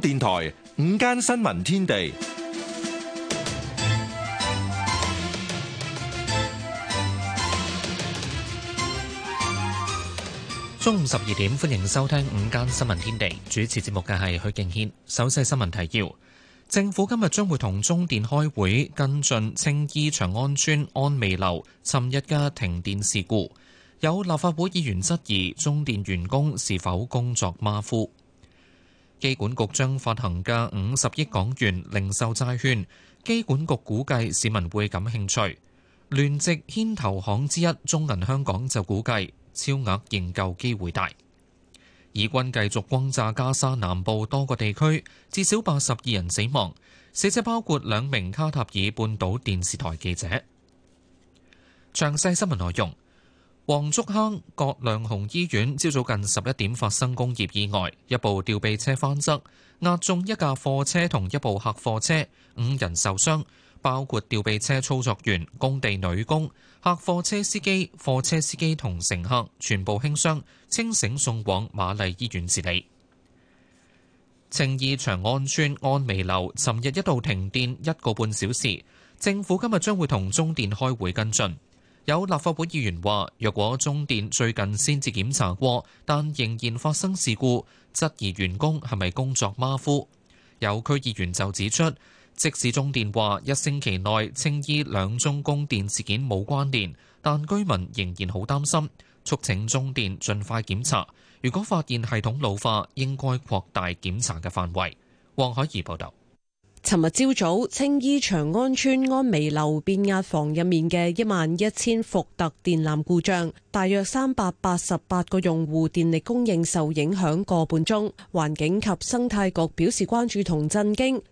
電台午間新聞天地，中午十二點，歡迎收聽午間新聞天地。主持節目嘅係許敬軒。首先新聞提要：政府今日將會同中電開會跟進青衣長安村安湄樓尋日家停電事故。有立法會議員質疑中電員工是否工作馬虎。機管局將發行嘅五十億港元零售債券，機管局估計市民會感興趣。聯席牽頭行之一中銀香港就估計超額認購機會大。以軍繼續轟炸加沙南部多個地區，至少八十二人死亡，死者包括兩名卡塔爾半島電視台記者。詳細新聞內容。黃竹坑葛量洪醫院朝早近十一點發生工業意外，一部吊臂車翻側，壓中一架貨車同一部客貨車，五人受傷，包括吊臂車操作員、工地女工、客貨車司機、貨車司機同乘客，全部輕傷，清醒送往瑪麗醫院治理。青衣長安村安湄樓尋日一度停電一個半小時，政府今日將會同中電開會跟進。有立法會議員話：若果中電最近先至檢查過，但仍然發生事故，質疑員工係咪工作馬虎。有區議員就指出，即使中電話一星期內青衣兩宗供電事件冇關聯，但居民仍然好擔心，促請中電盡快檢查。如果發現系統老化，應該擴大檢查嘅範圍。黃海怡報道。尋日朝早，青衣長安邨安湄樓變壓房入面嘅一萬一千伏特電纜故障，大約三百八十八個用戶電力供應受影響個半鐘。環境及生態局表示關注同震驚。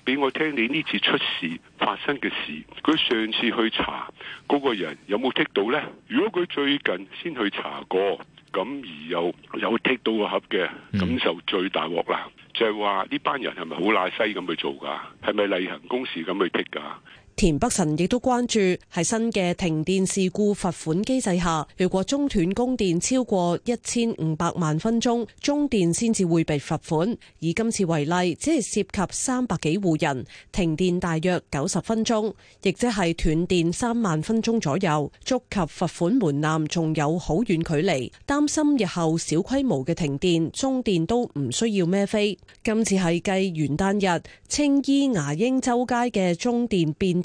俾我聽你呢次出事發生嘅事，佢上次去查嗰個人有冇剔到呢？如果佢最近先去查過，咁而又有剔到個盒嘅，咁就最大鑊啦。就係話呢班人係咪好拉西咁去做噶？係咪例行公事咁去剔噶？田北辰亦都關注喺新嘅停電事故罰款機制下，如果中斷供電超過一千五百萬分鐘，中電先至會被罰款。以今次為例，只係涉及三百幾戶人，停電大約九十分鐘，亦即係斷電三萬分鐘左右，觸及罰款門檻仲有好遠距離，擔心日後小規模嘅停電，中電都唔需要孭飛。今次係繼元旦日，青衣牙英洲街嘅中電變。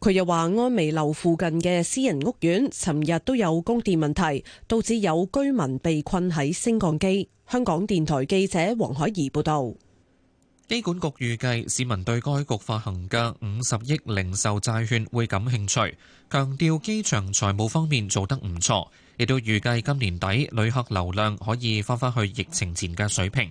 佢又話：安微樓附近嘅私人屋苑，尋日都有供電問題，導致有居民被困喺升降機。香港電台記者黃海怡報道。機管局預計市民對該局發行嘅五十億零售債券會感興趣，強調機場財務方面做得唔錯，亦都預計今年底旅客流量可以翻返去疫情前嘅水平。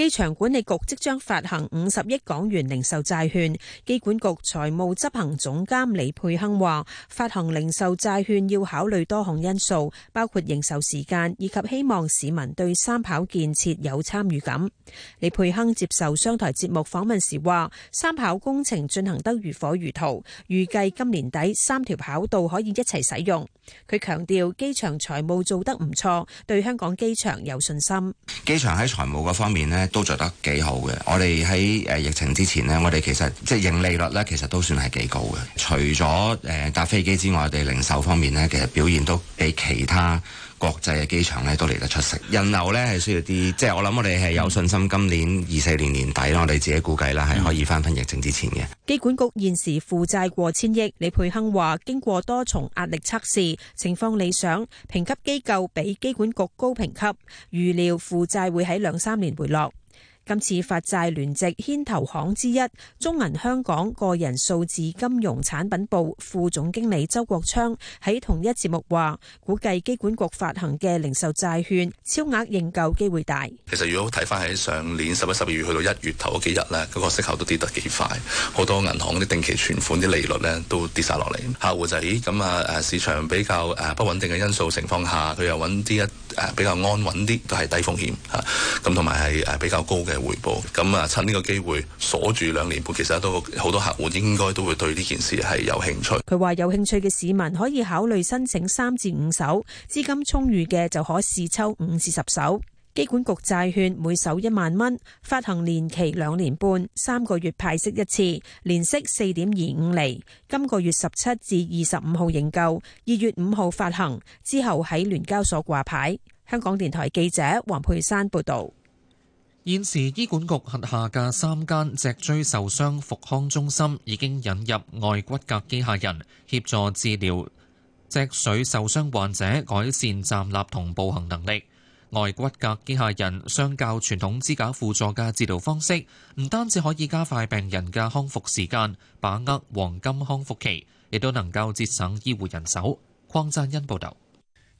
機場管理局即將發行五十億港元零售債券。機管局財務執行總監李佩亨話，發行零售債券要考慮多項因素，包括認售時間以及希望市民對三跑建設有參與感。李佩亨接受商台節目訪問時話，三跑工程進行得如火如荼，預計今年底三條跑道可以一齊使用。佢強調機場財務做得唔錯，對香港機場有信心。機場喺財務嗰方面呢。都做得幾好嘅。我哋喺誒疫情之前呢，我哋其實即係盈利率呢，其實都算係幾高嘅。除咗誒搭飛機之外，我哋零售方面呢，其實表現都比其他國際嘅機場呢，都嚟得出色。人流呢，係需要啲，即係我諗，我哋係有信心今年二四年年底啦，我哋自己估計啦係可以翻翻疫情之前嘅。嗯。機管局現時負債過千億，李佩亨話經過多重壓力測試，情況理想，評級機構比機管局高評級，預料負債會喺兩三年回落。今次發債聯席牽頭行之一，中銀香港個人數字金融產品部副總經理周國昌喺同一節目話：估計機管局發行嘅零售債券超額認購機會大。其實如果睇返喺上年十一、十二月去到一月頭嗰幾日呢，嗰個息口都跌得幾快，好多銀行啲定期存款啲利率呢都跌晒落嚟。客戶就係咦咁啊誒市場比較誒不穩定嘅因素情況下，佢又揾啲一。比較安穩啲，都係低風險嚇，咁同埋係比較高嘅回報。咁啊，趁呢個機會鎖住兩年半，其實都好多客戶應該都會對呢件事係有興趣。佢話：有興趣嘅市民可以考慮申請三至五手，資金充裕嘅就可試抽五至十手。機管局債券每手一萬蚊，發行年期兩年半，三個月派息一次，年息四點二五厘。今個月十七至二十五號認購，二月五號發行，之後喺聯交所掛牌。香港電台記者黃佩珊報道。現時，醫管局轄下嘅三間脊椎受傷復康中心已經引入外骨骼機械人協助治療脊髓受傷患者，改善站立同步行能力。外骨骼機械人相較傳統支架輔助嘅治療方式，唔單止可以加快病人嘅康復時間，把握黃金康復期，亦都能夠節省醫護人手。匡讚恩報導，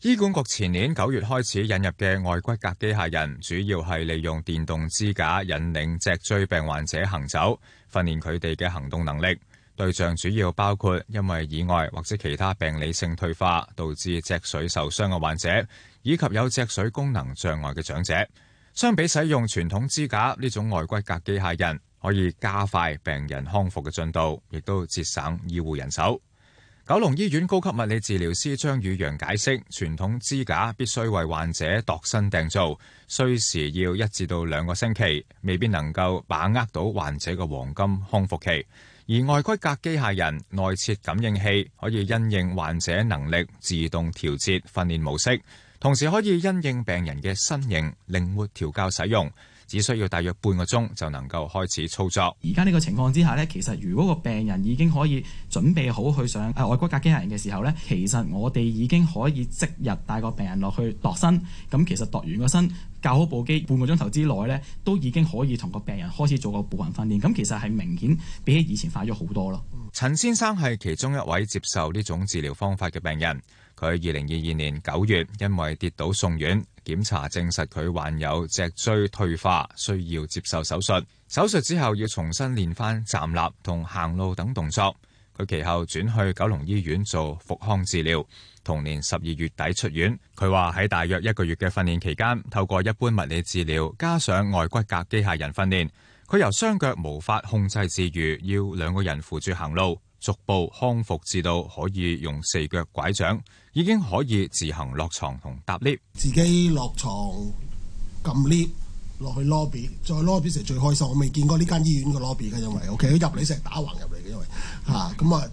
醫管局前年九月開始引入嘅外骨骼機械人，主要係利用電動支架引領脊椎病患者行走，訓練佢哋嘅行動能力。對象主要包括因為意外或者其他病理性退化導致脊髓受傷嘅患者。以及有脊髓功能障礙嘅長者，相比使用傳統支架呢種外骨骼機械人，可以加快病人康復嘅進度，亦都節省醫護人手。九龍醫院高級物理治療師張宇陽解釋，傳統支架必須為患者度身訂造，需時要一至到兩個星期，未必能夠把握到患者嘅黃金康復期。而外骨骼機械人內設感應器，可以因應患者能力自動調節訓練模式。同時可以因應病人嘅身形，靈活調校使用，只需要大約半個鐘就能夠開始操作。而家呢個情況之下呢，其實如果個病人已經可以準備好去上外骨骼機械人嘅時候呢，其實我哋已經可以即日帶個病人落去度身。咁其實度完個身，較好部機半個鐘頭之內呢，都已經可以同個病人開始做個步行訓練。咁其實係明顯比起以前快咗好多咯。陳先生係其中一位接受呢種治療方法嘅病人。佢二零二二年九月因為跌倒送院，檢查證實佢患有脊椎退化，需要接受手術。手術之後要重新練翻站立同行路等動作。佢其後轉去九龍醫院做復康治療，同年十二月底出院。佢話喺大約一個月嘅訓練期間，透過一般物理治療加上外骨骼機械人訓練，佢由雙腳無法控制自如，要兩個人扶住行路。逐步康復至到可以用四腳拐杖，已經可以自行落床同搭 lift，自己落床撳 lift 落去 lobby，再 lobby 成最開心。我未見過呢間醫院嘅 lobby 嘅，因為 O.K. 入嚟成打橫入嚟嘅，因為嚇咁、嗯、啊，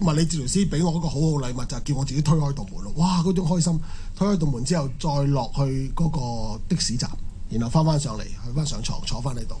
物理治療師俾我一個好好禮物，就係、叫我自己推開道門，哇！嗰種開心，推開道門之後再落去嗰個的士站，然後翻翻上嚟，去翻上床，坐翻喺度。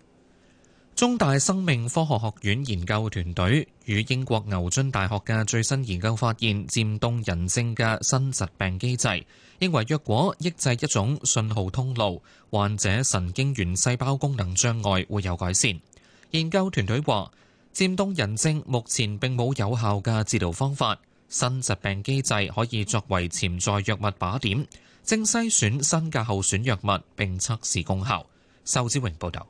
中大生命科學學院研究團隊與英國牛津大學嘅最新研究發現漸凍人症嘅新疾病機制，認為若果抑制一種信號通路，患者神經元細胞功能障礙會有改善。研究團隊話漸凍人症目前並冇有，有效嘅治療方法，新疾病機制可以作為潛在藥物靶點，正篩選新嘅候選藥物並測試功效。仇志榮報道。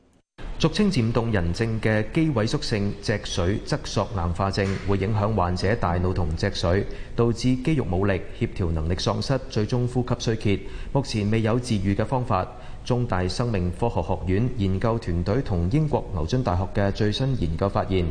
俗稱漸凍人症嘅肌萎縮性脊髓側索硬化症會影響患者大腦同脊髓，導致肌肉冇力，協調能力喪失，最終呼吸衰竭。目前未有治癒嘅方法。中大生命科學學院研究團隊同英國牛津大學嘅最新研究發現，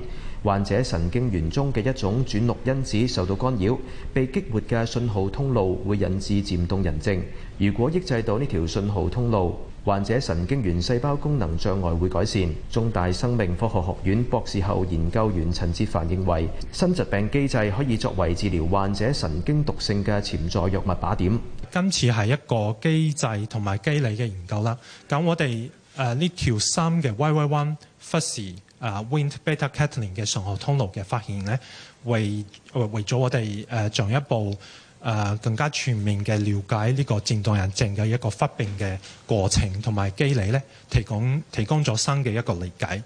患者神經元中嘅一種轉錄因子受到干擾，被激活嘅信號通路會引致漸凍人症。如果抑制到呢條信號通路，患者神經元細胞功能障礙會改善。中大生命科學學院博士後研究員陳志凡認為，新疾病機制可以作為治療患者神經毒性嘅潛在藥物靶點。今次係一個機制同埋機理嘅研究啦。咁我哋誒呢條三嘅 YY1、fushi、呃、啊、Wnt beta-catenin 嘅上行通路嘅發現咧，為為咗我哋誒進一步。呃、更加全面嘅了解呢個漸凍人症嘅一個發病嘅過程同埋機理咧，提供提供咗新嘅一個理解。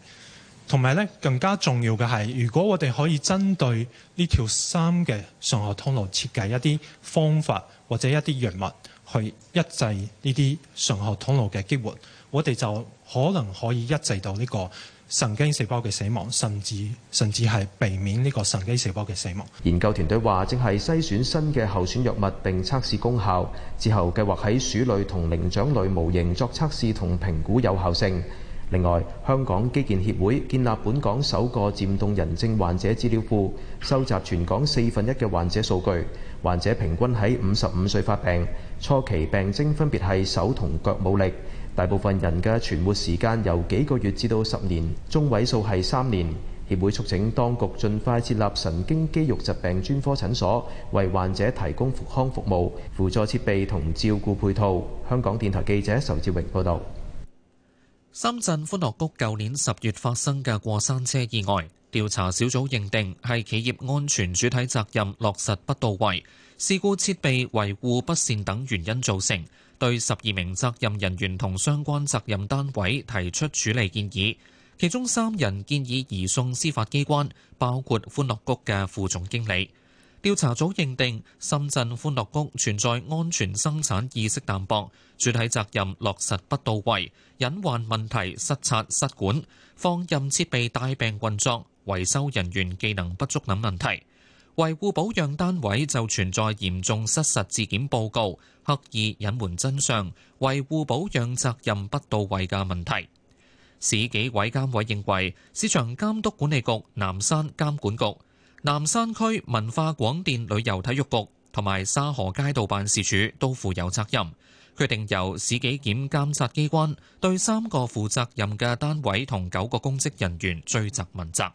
同埋咧，更加重要嘅係如果我哋可以針對呢條三嘅上學通路設計一啲方法或者一啲藥物去抑制呢啲上學通路嘅激活，我哋就可能可以抑制到呢、這個。神經細胞嘅死亡，甚至甚至係避免呢個神經細胞嘅死亡。研究團隊話，正係篩選新嘅候選藥物並測試功效，之後計劃喺鼠類同靈長類模型作測試同評估有效性。另外，香港基建協會建立本港首個漸凍人症患者資料庫，收集全港四分一嘅患者數據。患者平均喺五十五歲發病，初期病徵分別係手同腳冇力。大部分人嘅存活時間由幾個月至到十年，中位數係三年。協會促請當局盡快設立神經肌肉疾病專科診所，為患者提供復康服務、輔助設備同照顧配套。香港電台記者仇志榮報道。深圳歡樂谷舊年十月發生嘅過山車意外，調查小組認定係企業安全主體責任落實不到位、事故設備維護不善等原因造成，對十二名責任人員同相關責任單位提出處理建議，其中三人建議移送司法機關，包括歡樂谷嘅副總經理。調查組認定深圳歡樂谷存在安全生產意識淡薄、主體責任落實不到位、隱患問題失察失管、放任設備帶病運作，維修人員技能不足等問題，維護保養單位就存在嚴重失實自檢報告、刻意隱瞞真相、維護保養責任不到位嘅問題。市紀委監委認為，市場監督管理局南山監管局、南山區文化廣電旅遊體育局同埋沙河街道辦事處都負有責任，決定由市紀檢監察機關對三個負責任嘅單位同九個公職人員追責問責。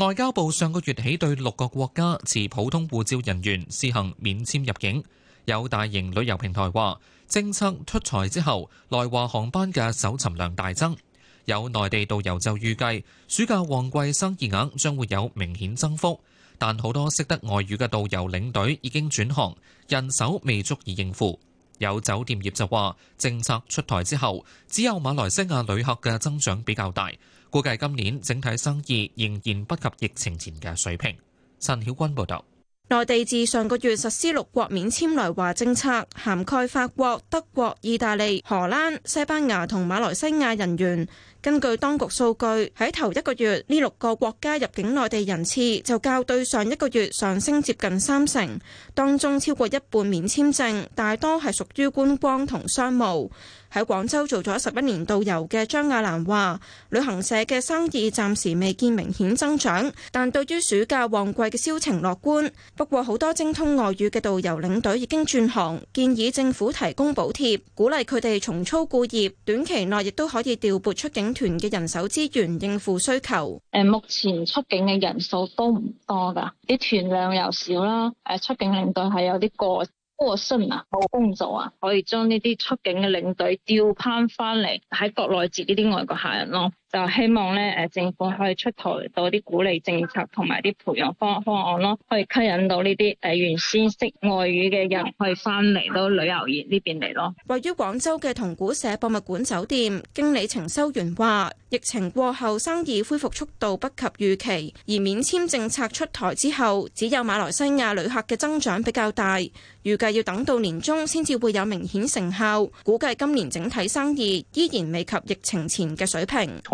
外交部上個月起對六個國家持普通護照人員試行免簽入境。有大型旅遊平台話政策出台之後，來華航班嘅搜尋量大增。有內地導遊就預計暑假旺季生意額將會有明顯增幅，但好多識得外語嘅導遊領隊已經轉行，人手未足以應付。有酒店業就話政策出台之後，只有馬來西亞旅客嘅增長比較大。估計今年整體生意仍然不及疫情前嘅水平。陳曉君報道，內地自上個月實施六國免簽來華政策，涵蓋法國、德國、意大利、荷蘭、西班牙同馬來西亞人員。根據當局數據，喺頭一個月呢六個國家入境內地人次就較對上一個月上升接近三成，當中超過一半免簽證，大多係屬於觀光同商務。喺廣州做咗十一年導遊嘅張亞蘭話旅行社嘅生意暫時未見明顯增長，但對於暑假旺季嘅銷情樂觀。不過好多精通外語嘅導遊領隊已經轉行，建議政府提供補貼，鼓勵佢哋重操故業。短期內亦都可以調撥出境團嘅人手資源應付需求。誒，目前出境嘅人數都唔多噶，啲團量又少啦。誒，出境領隊係有啲過過個信啊，冇工作啊，可以將呢啲出境嘅領隊調返翻嚟喺國內接呢啲外國客人咯。就希望咧，誒，政府可以出台到啲鼓勵政策同埋啲培養方方案咯，可以吸引到呢啲誒原先識外語嘅人可以翻嚟到旅遊業呢邊嚟咯。位於廣州嘅同古社博物館酒店經理程修元話，疫情過後生意恢復速度不及預期，而免簽政策出台之後，只有馬來西亞旅客嘅增長比較大。預計要等到年中先至會有明顯成效，估計今年整體生意依然未及疫情前嘅水平。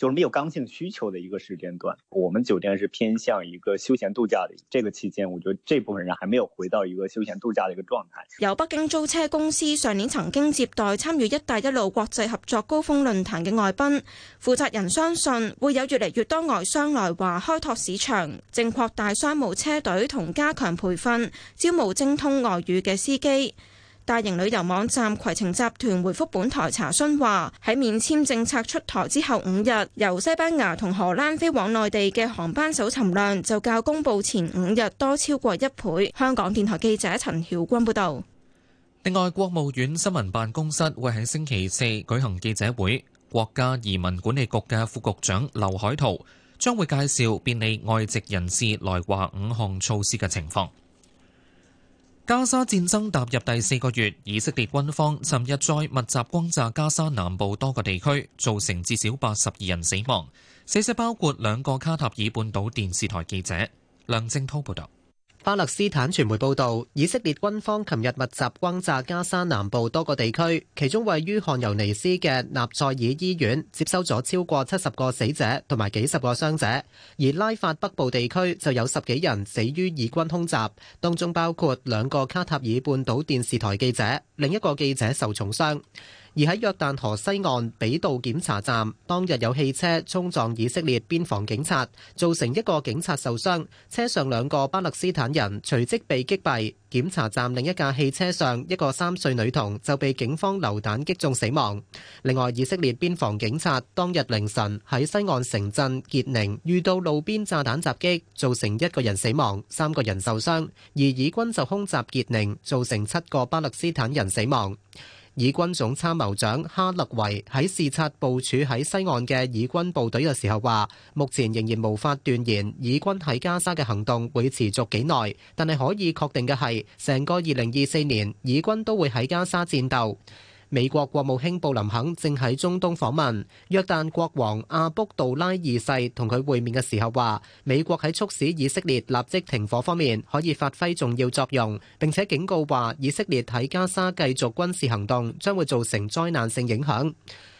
就是沒有剛性需求的一個時間段，我們酒店是偏向一個休閒度假的這個期間，我覺得這部分人還沒有回到一個休閒度假的一個狀態。由北京租車公司上年曾經接待參與“一帶一路”國際合作高峰論壇嘅外賓，負責人相信會有越嚟越多外商來華開拓市場，正擴大商務車隊同加強培訓，招募精通外語嘅司機。大型旅遊網站攜程集團回覆本台查詢話，喺免簽政策出台之後五日，由西班牙同荷蘭飛往內地嘅航班搜尋量就較公佈前五日多超過一倍。香港電台記者陳曉君報導。另外，國務院新聞辦公室會喺星期四舉行記者會，國家移民管理局嘅副局長劉海濤將會介紹便利外籍人士來華五項措施嘅情況。加沙戰爭踏入第四個月，以色列軍方尋日再密集轟炸加沙南部多個地區，造成至少八十二人死亡，死者包括兩個卡塔爾半島電視台記者。梁正滔報導。巴勒斯坦傳媒報導，以色列軍方琴日密集轟炸加沙南部多個地區，其中位於汗尤尼斯嘅納賽爾醫院接收咗超過七十個死者同埋幾十個傷者，而拉法北部地區就有十幾人死於以軍空襲，當中包括兩個卡塔爾半島電視台記者，另一個記者受重傷。而喺約旦河西岸比度檢查站，當日有汽車衝撞以色列邊防警察，造成一個警察受傷。車上兩個巴勒斯坦人隨即被擊斃。檢查站另一架汽車上一個三歲女童就被警方流彈擊中死亡。另外，以色列邊防警察當日凌晨喺西岸城鎮傑寧遇到路邊炸彈襲擊，造成一個人死亡，三個人受傷。而以軍就空襲傑寧，造成七個巴勒斯坦人死亡。以軍總參謀長哈勒維喺視察部署喺西岸嘅以軍部隊嘅時候話，目前仍然無法斷言以軍喺加沙嘅行動會持續幾耐，但係可以確定嘅係，成個二零二四年，以軍都會喺加沙戰鬥。美國國務卿布林肯正喺中東訪問，約旦國王阿卜杜拉二世同佢會面嘅時候話，美國喺促使以色列立即停火方面可以發揮重要作用，並且警告話以色列喺加沙繼續軍事行動將會造成災難性影響。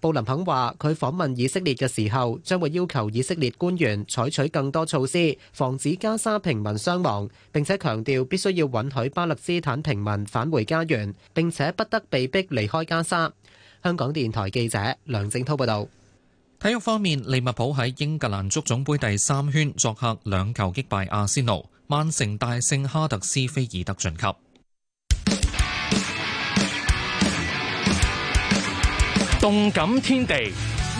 布林肯話：佢訪問以色列嘅時候，將會要求以色列官員採取更多措施，防止加沙平民傷亡。並且強調必須要允許巴勒斯坦平民返回家園，並且不得被逼離開加沙。香港電台記者梁正滔報導。體育方面，利物浦喺英格蘭足總杯第三圈作客兩球擊敗阿仙奴，曼城大勝哈德斯菲爾德晉級。動感天地，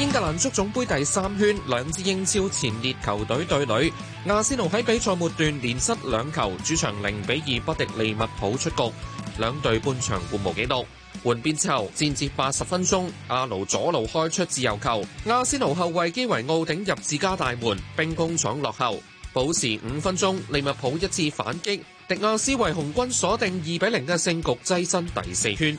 英格蘭足總杯第三圈，兩支英超前列球隊對壘。阿仙奴喺比賽末段連失兩球，主場零比二不敵利物浦出局。兩隊半場互無紀錄，換邊之後戰至八十分鐘，阿奴左路開出自由球，阿仙奴後衛基維奧頂入自家大門，兵工廠落後。補時五分鐘，利物浦一次反擊，迪亞斯為紅軍鎖定二比零嘅勝局，躋身第四圈。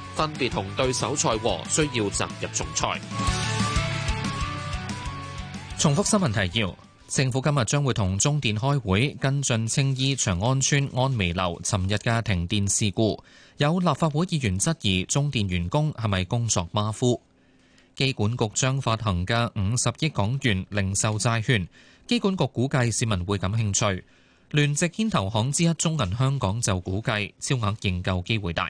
分別同對手賽和，需要進入總賽。重複新聞提要：政府今日將會同中電開會跟進青衣長安村安湄樓尋日嘅停電事故。有立法會議員質疑中電員工係咪工作馬虎。機管局將發行嘅五十億港元零售債券，機管局估計市民會感興趣。聯席牽頭行之一中銀香港就估計超額認購機會大。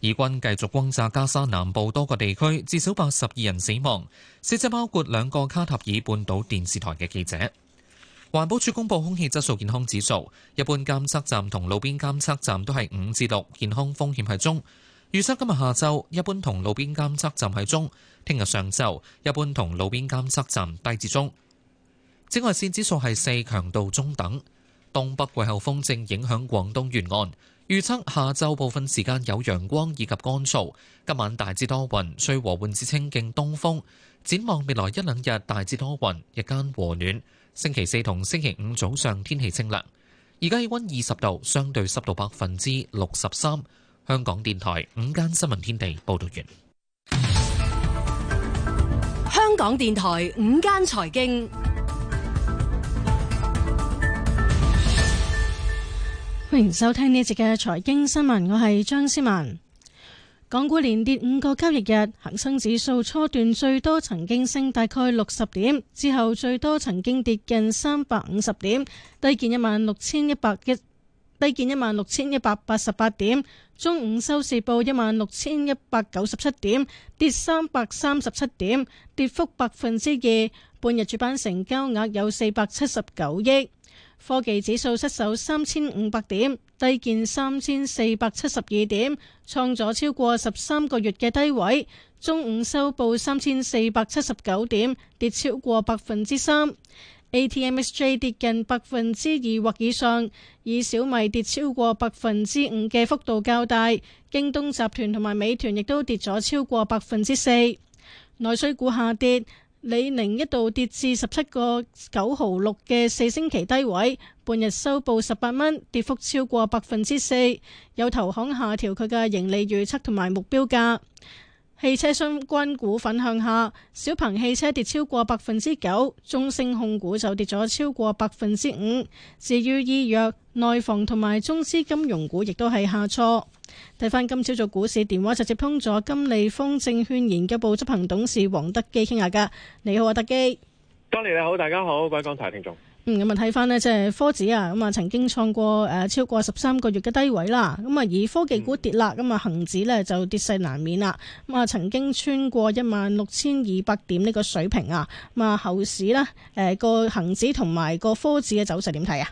以軍繼續轟炸加沙南部多個地區，至少八十二人死亡，死者包括兩個卡塔爾半島電視台嘅記者。環保署公布空氣質素健康指數，一般監測站同路邊監測站都係五至六，健康風險係中。預測今日下晝一般同路邊監測站係中，聽日上晝一般同路邊監測站低至中。紫外線指數係四，強度中等。東北季候風正影響廣東沿岸。預測下晝部分時間有陽光以及乾燥，今晚大致多雲，吹和緩至清勁東風。展望未來一兩日大致多雲，日間和暖。星期四同星期五早上天氣清涼。而家氣温二十度，相對濕度百分之六十三。香港電台午間新聞天地報道完。香港電台午間財經。歡迎收聽呢一節嘅財經新聞，我係張思文。港股連跌五個交易日，恒生指數初段最多曾經升大概六十點，之後最多曾經跌近三百五十點，低見一萬六千一百一，低見一萬六千一百八十八點。中午收市報一萬六千一百九十七點，跌三百三十七點，跌幅百分之二。半日主板成交額有四百七十九億。科技指數失守三千五百點，低見三千四百七十二點，創咗超過十三個月嘅低位。中午收報三千四百七十九點，跌超過百分之三。ATM、S、J 跌近百分之二或以上，以小米跌超過百分之五嘅幅度較大。京東集團同埋美團亦都跌咗超過百分之四。內需股下跌。李寧一度跌至十七個九毫六嘅四星期低位，半日收報十八蚊，跌幅超過百分之四，有投行下調佢嘅盈利預測同埋目標價。汽車相關股份向下，小鵬汽車跌超過百分之九，中升控股就跌咗超過百分之五。至於醫藥、內房同埋中資金融股，亦都係下挫。睇翻今朝早股市電話就接通咗金利豐證券研究部執行董事黃德基傾下噶。你好，阿德基。多年你好，大家好，各位港台聽眾。咁啊，睇翻呢即係科指啊，咁啊曾經創過誒超過十三個月嘅低位啦。咁啊，而科技股跌啦，咁啊恒指呢就跌勢難免啦。咁啊，曾經穿過一萬六千二百點呢個水平啊。咁啊，後市呢，誒個恒指同埋個科指嘅走勢點睇啊？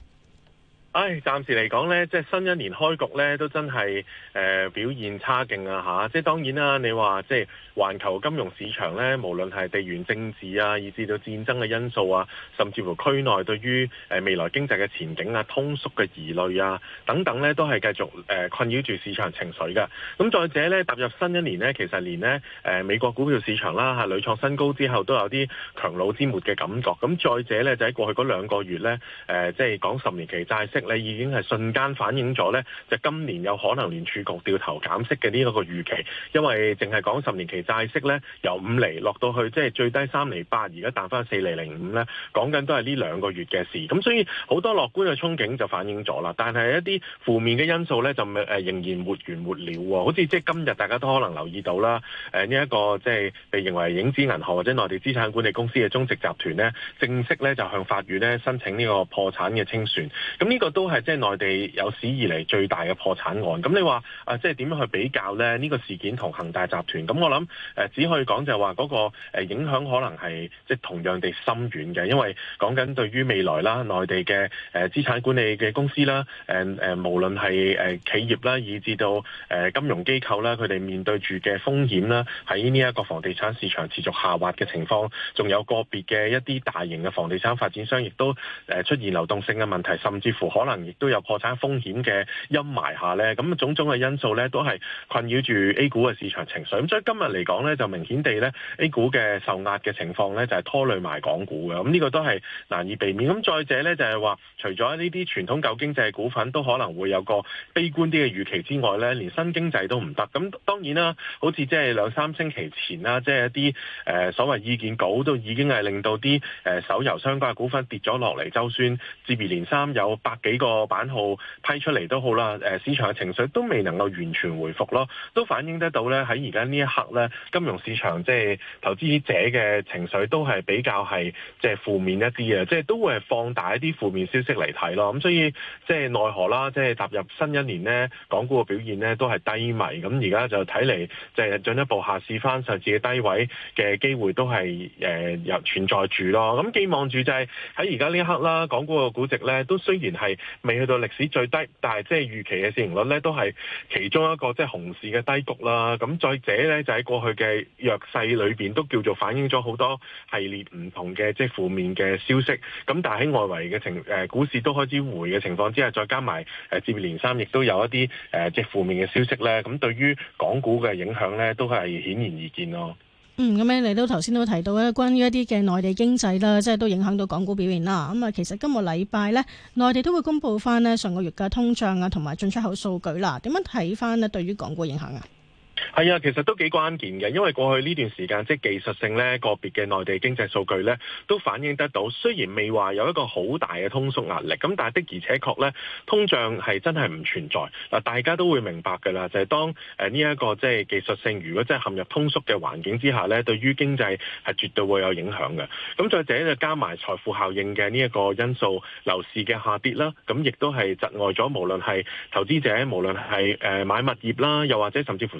唉、哎，暫時嚟講呢即係新一年開局呢都真係誒表現差勁啊嚇！即係當然啦，你話即係環球金融市場呢，無論係地緣政治啊，以至到戰爭嘅因素啊，甚至乎區內對於誒未來經濟嘅前景啊、通縮嘅疑慮啊等等呢，都係繼續誒困擾住市場情緒嘅。咁再者呢，踏入新一年呢，其實連呢誒美國股票市場啦嚇，屢創新高之後，都有啲強弩之末嘅感覺。咁再者呢，就喺過去嗰兩個月呢，誒即係講十年期債息。你已經係瞬間反映咗呢，就今年有可能聯儲局掉頭減息嘅呢一個預期，因為淨係講十年期債息呢，由五厘落到去即係最低三厘八，而家彈翻四厘零五呢，講緊都係呢兩個月嘅事。咁所以好多樂觀嘅憧憬就反映咗啦，但係一啲負面嘅因素呢，就仍然沒完沒了喎、哦。好似即係今日大家都可能留意到啦，呢、呃、一、這個即係被認為影子銀行或者內地資產管理公司嘅中植集團呢，正式呢就向法院呢申請呢個破產嘅清算。咁呢、這個都係即係內地有史以嚟最大嘅破產案。咁你話啊，即係點樣去比較呢？呢個事件同恒大集團咁，我諗誒只可以講就係話嗰個誒影響可能係即係同樣地深遠嘅，因為講緊對於未來啦，內地嘅誒資產管理嘅公司啦，誒誒無論係誒企業啦，以至到誒金融機構啦，佢哋面對住嘅風險啦，喺呢一個房地產市場持續下滑嘅情況，仲有個別嘅一啲大型嘅房地產發展商亦都誒出現流動性嘅問題，甚至乎可可能亦都有破產風險嘅陰霾下呢，咁種種嘅因素呢都係困擾住 A 股嘅市場情緒。咁所以今日嚟講呢，就明顯地呢，A 股嘅受壓嘅情況呢，就係拖累埋港股嘅。咁呢個都係難以避免。咁再者呢，就係話除咗呢啲傳統舊經濟嘅股份都可能會有個悲觀啲嘅預期之外呢，連新經濟都唔得。咁當然啦，好似即係兩三星期前啦，即、就、係、是、一啲誒、呃、所謂意見稿都已經係令到啲誒、呃、手遊相關嘅股份跌咗落嚟，周旋接二連三有百幾。呢個版號批出嚟都好啦，誒，市場嘅情緒都未能夠完全回復咯，都反映得到咧喺而家呢一刻咧，金融市場即係投資者嘅情緒都係比較係即係負面一啲嘅，即係都會係放大一啲負面消息嚟睇咯。咁所以即係奈何啦，即係踏入新一年呢，港股嘅表現咧都係低迷。咁而家就睇嚟就係進一步下試翻上次嘅低位嘅機會都係誒有存在住咯。咁寄望住就係喺而家呢一刻啦，港股嘅估值咧都雖然係。未去到歷史最低，但係即係預期嘅市盈率咧，都係其中一個即係熊市嘅低谷啦。咁再者咧，就喺過去嘅弱勢裏邊，都叫做反映咗好多系列唔同嘅即係負面嘅消息。咁但係喺外圍嘅情誒股市都開始回嘅情況之下，再加埋誒接二連三，亦都有一啲誒即係負面嘅消息咧。咁對於港股嘅影響咧，都係顯而易見咯。嗯，咁樣你都頭先都提到咧，關於一啲嘅內地經濟啦，即係都影響到港股表現啦。咁啊，其實今個禮拜咧，內地都會公布翻呢上個月嘅通脹啊，同埋進出口數據啦。點樣睇翻呢對於港股影響啊？係啊，其實都幾關鍵嘅，因為過去呢段時間即係技術性咧個別嘅內地經濟數據咧都反映得到，雖然未話有一個好大嘅通縮壓力，咁但係的而且確咧通脹係真係唔存在。嗱，大家都會明白㗎啦，就係當誒呢一個即係技術性，如果真係陷入通縮嘅環境之下咧，對於經濟係絕對會有影響嘅。咁再者就加埋財富效應嘅呢一個因素，樓市嘅下跌啦，咁亦都係窒礙咗無論係投資者，無論係誒買物業啦，又或者甚至乎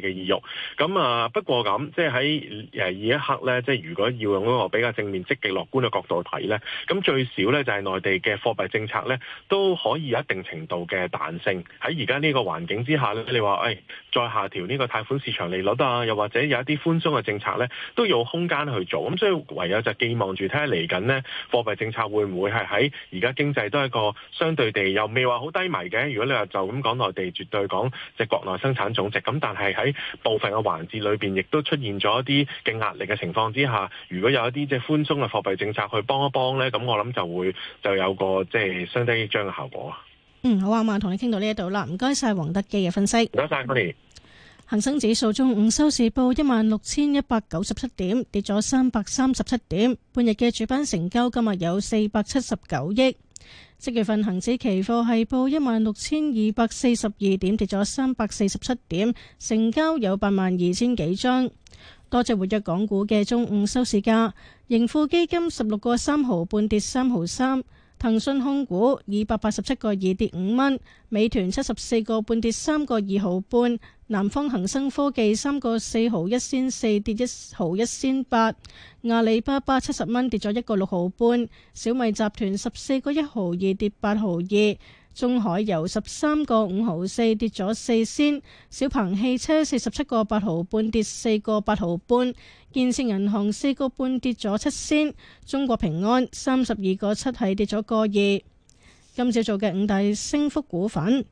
嘅意欲，咁啊，不過咁，即係喺誒而一刻呢，即係如果要用一個比較正面、積極、樂觀嘅角度睇呢，咁最少呢，就係內地嘅貨幣政策呢，都可以有一定程度嘅彈性。喺而家呢個環境之下呢，你話誒、哎、再下調呢個貸款市場利率啊，又或者有一啲寬鬆嘅政策呢，都有空間去做。咁所以唯有就寄望住睇下嚟緊呢貨幣政策會唔會係喺而家經濟都係個相對地又未話好低迷嘅。如果你話就咁講內地，絕對講即係國內生產總值，咁但係喺喺部分嘅環節裏邊，亦都出現咗一啲嘅壓力嘅情況之下。如果有一啲即係寬鬆嘅貨幣政策去幫一幫咧，咁我諗就會就有個即係、就是、相得益彰嘅效果啊。嗯，好啊，萬同你傾到呢一度啦。唔該曬黃德基嘅分析，唔該曬。我哋恒生指數中午收市報一萬六千一百九十七點，跌咗三百三十七點。半日嘅主板成交今日有四百七十九億。即月份恆指期貨係報一萬六千二百四十二點，跌咗三百四十七點，成交有八萬二千幾張。多隻活躍港股嘅中午收市價，盈富基金十六個三毫半跌三毫三，騰訊控股二百八十七個二跌五蚊，美團七十四個半跌三個二毫半。南方恒生科技三個四毫一仙四跌一毫一仙八，阿里巴巴七十蚊跌咗一個六毫半，小米集團十四個一毫二跌八毫二，中海油十三個五毫四跌咗四仙，小鵬汽車四十七個八毫半跌四個八毫半，建設銀行四個半跌咗七仙，中國平安三十二個七係跌咗個二，今朝做嘅五大升幅股份。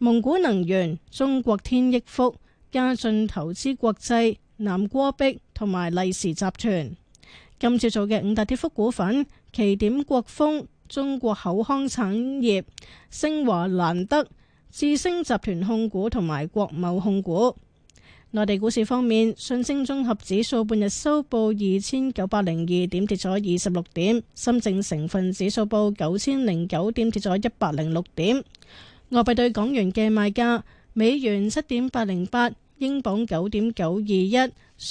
蒙古能源、中國天益福、嘉進投資國際、南郭壁同埋利時集團今朝做嘅五大跌幅股份：奇點國風、中國口腔產業、星華蘭德、智星集團控股同埋國貿控股。內地股市方面，上證綜合指數半日收報二千九百零二點，跌咗二十六點；深證成分指數報九千零九點，跌咗一百零六點。外幣兌港元嘅賣價：美元七點八零八，英鎊九點九二一，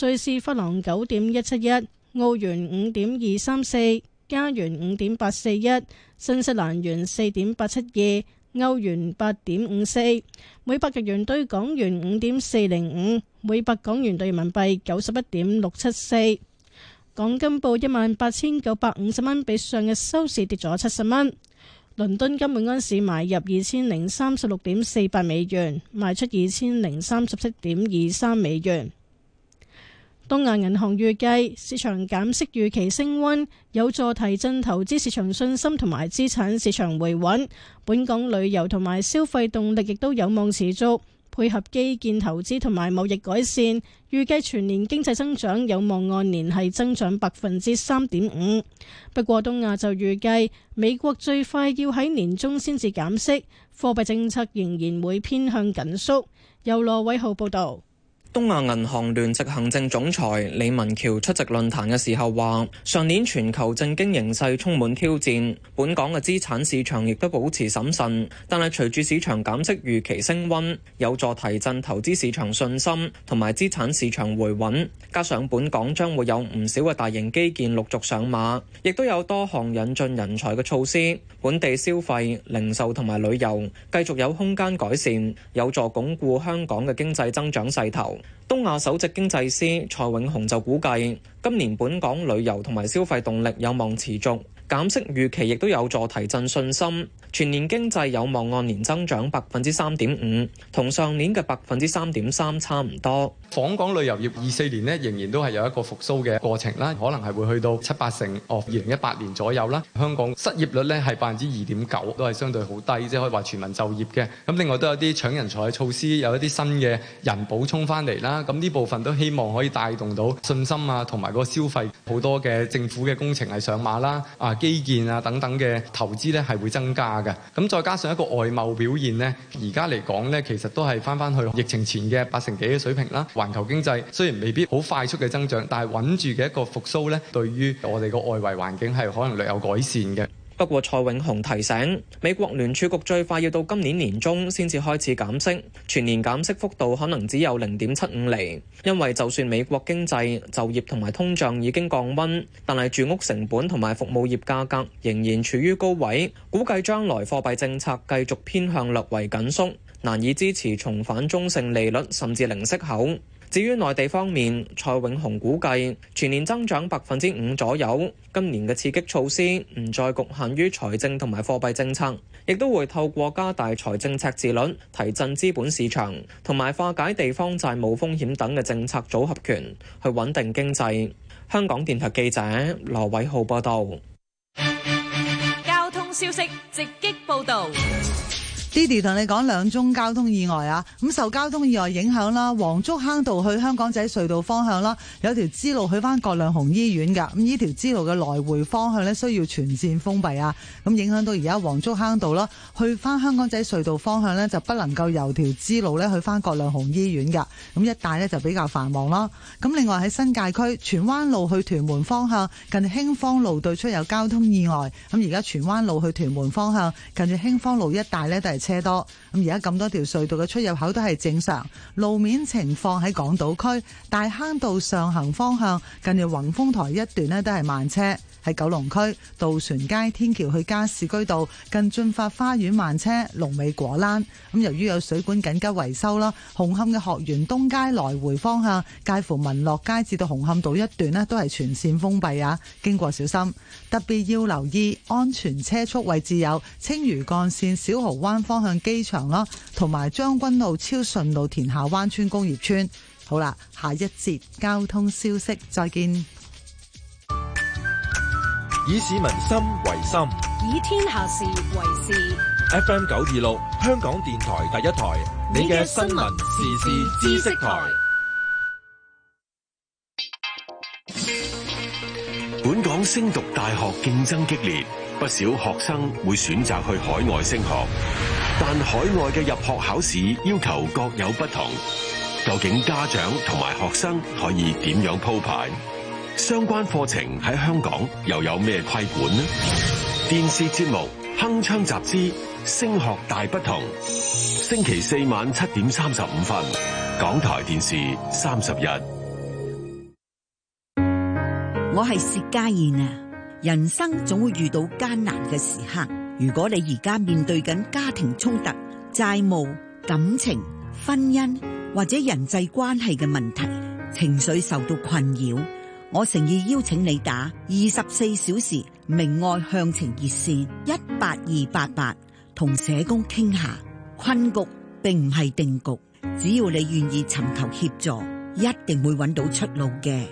瑞士法郎九點一七一，澳元五點二三四，加元五點八四一，新西蘭元四點八七二，歐元八點五四，每百日元兌港元五點四零五，每百港元兌人民幣九十一點六七四。港金報一萬八千九百五十蚊，比上日收市跌咗七十蚊。倫敦金每安士買入二千零三十六點四八美元，賣出二千零三十七點二三美元。東亞銀行預計，市場減息預期升温，有助提振投資市場信心同埋資產市場回穩。本港旅遊同埋消費動力亦都有望持續。配合基建投資同埋貿易改善，預計全年經濟增長有望按年係增長百分之三點五。不過東亞就預計美國最快要喺年中先至減息，貨幣政策仍然會偏向緊縮，由羅偉浩報道。東亞銀行聯席行政總裁李文橋出席論壇嘅時候話：上年全球政經形勢充滿挑戰，本港嘅資產市場亦都保持審慎。但係隨住市場減息預期升溫，有助提振投資市場信心同埋資產市場回穩。加上本港將會有唔少嘅大型基建陸續上馬，亦都有多項引進人才嘅措施，本地消費、零售同埋旅遊繼續有空間改善，有助鞏固香港嘅經濟增長勢頭。東亞首席經濟師蔡永雄就估計，今年本港旅遊同埋消費動力有望持續，減息預期亦都有助提振信心。全年經濟有望按年增長百分之三點五，同上年嘅百分之三點三差唔多。訪港旅遊業二四年咧仍然都係有一個復甦嘅過程啦，可能係會去到七八成，哦，二零一八年左右啦。香港失業率咧係百分之二點九，都係相對好低，即係可以話全民就業嘅。咁另外都有啲搶人才嘅措施，有一啲新嘅人補充翻嚟啦。咁呢部分都希望可以帶動到信心啊，同埋個消費好多嘅政府嘅工程係上馬啦，啊基建啊等等嘅投資呢係會增加的。咁再加上一個外貿表現咧，而家嚟講呢，其實都係返返去疫情前嘅八成幾嘅水平啦。環球經濟雖然未必好快速嘅增長，但係穩住嘅一個復甦呢，對於我哋個外圍環境係可能略有改善嘅。不過，蔡永雄提醒，美國聯儲局最快要到今年年中先至開始減息，全年減息幅度可能只有零點七五厘。因為就算美國經濟就業同埋通脹已經降溫，但係住屋成本同埋服務業價格仍然處於高位，估計將來貨幣政策繼續偏向略為緊縮，難以支持重返中性利率甚至零息口。至於內地方面，蔡永雄估計全年增長百分之五左右。今年嘅刺激措施唔再局限於財政同埋貨幣政策，亦都會透過加大財政赤字率、提振資本市場同埋化解地方債務風險等嘅政策組合拳去穩定經濟。香港電台記者羅偉浩報道。交通消息直擊報道。Didi 同你講兩宗交通意外啊！咁受交通意外影響啦，黃竹坑道去香港仔隧道方向啦，有條支路去翻葛量洪醫院噶。咁呢條支路嘅來回方向呢，需要全綫封閉啊。咁影響到而家黃竹坑道啦，去翻香港仔隧道方向呢，就不能夠由條支路呢去翻葛量洪醫院噶。咁一帶呢，就比較繁忙啦。咁另外喺新界區，荃灣路去屯門方向近興芳路對出有交通意外。咁而家荃灣路去屯門方向近住興芳路一帶呢，都係。車多，咁而家咁多條隧道嘅出入口都係正常，路面情況喺港島區大坑道上行方向，近住宏豐台一段呢都係慢車。喺九龍區渡船街天橋去加士居道近駿發花園慢車，龍尾果欄。咁由於有水管緊急維修啦，紅磡嘅學園東街來回方向，介乎民樂街至到紅磡道一段呢都係全線封閉啊，經過小心，特別要留意安全車速位置有青嶼幹線小蠔灣方向機場啦，同埋將軍澳超順路田下灣村工業村。好啦，下一節交通消息再見。以市民心為心，以天下事為事。FM 九二六，香港電台第一台，你嘅新聞、影時事、知識台。本港升讀大學競爭激烈，不少學生會選擇去海外升學，但海外嘅入學考試要求各有不同。究竟家長同埋學生可以點樣鋪排？相關課程喺香港又有咩規管呢？電視節目鏗鏘集資升學大不同，星期四晚七點三十五分，港台電視三十一。我係薛家燕啊！人生總會遇到艱難嘅時刻。如果你而家面對緊家庭衝突、債務、感情、婚姻或者人際關係嘅問題，情緒受到困擾。我誠意邀請你打二十四小時明愛向晴熱線一八二八八，同社工傾下。困局並唔係定局，只要你願意尋求協助，一定會揾到出路嘅。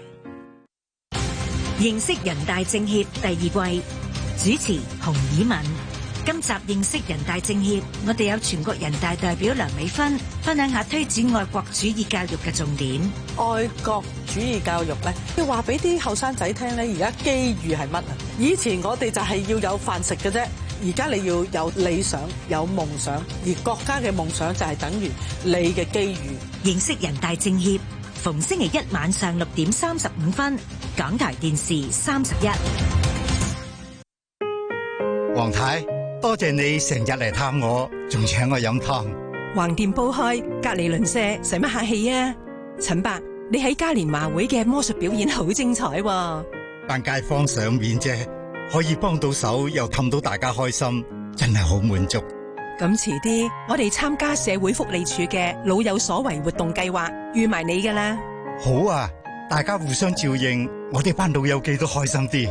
認識人大政協第二季主持洪以敏。今集認識人大政協，我哋有全國人大代表梁美芬分享下推展愛國主義教育嘅重點。愛國主義教育呢，要話俾啲後生仔聽呢，而家機遇係乜啊？以前我哋就係要有飯食嘅啫，而家你要有理想、有夢想，而國家嘅夢想就係等於你嘅機遇。認識人大政協，逢星期一晚上六點三十五分，港台電視三十一。王太，多謝你成日嚟探我，仲請我飲湯。橫掂煲開，隔籬鄰舍，使乜客氣啊？陳伯，你喺嘉年華會嘅魔術表演好精彩喎！扮街坊賞面啫，可以幫到手又氹到大家開心，真係好滿足。咁遲啲，我哋參加社會福利署嘅老有所為活動計劃，預埋你㗎啦。好啊，大家互相照應，我哋班老友記都開心啲。